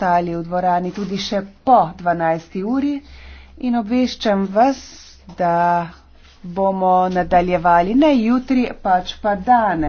ostali v dvorani tudi še po 12. uri in obveščam vas, da bomo nadaljevali ne jutri, pač pa danes.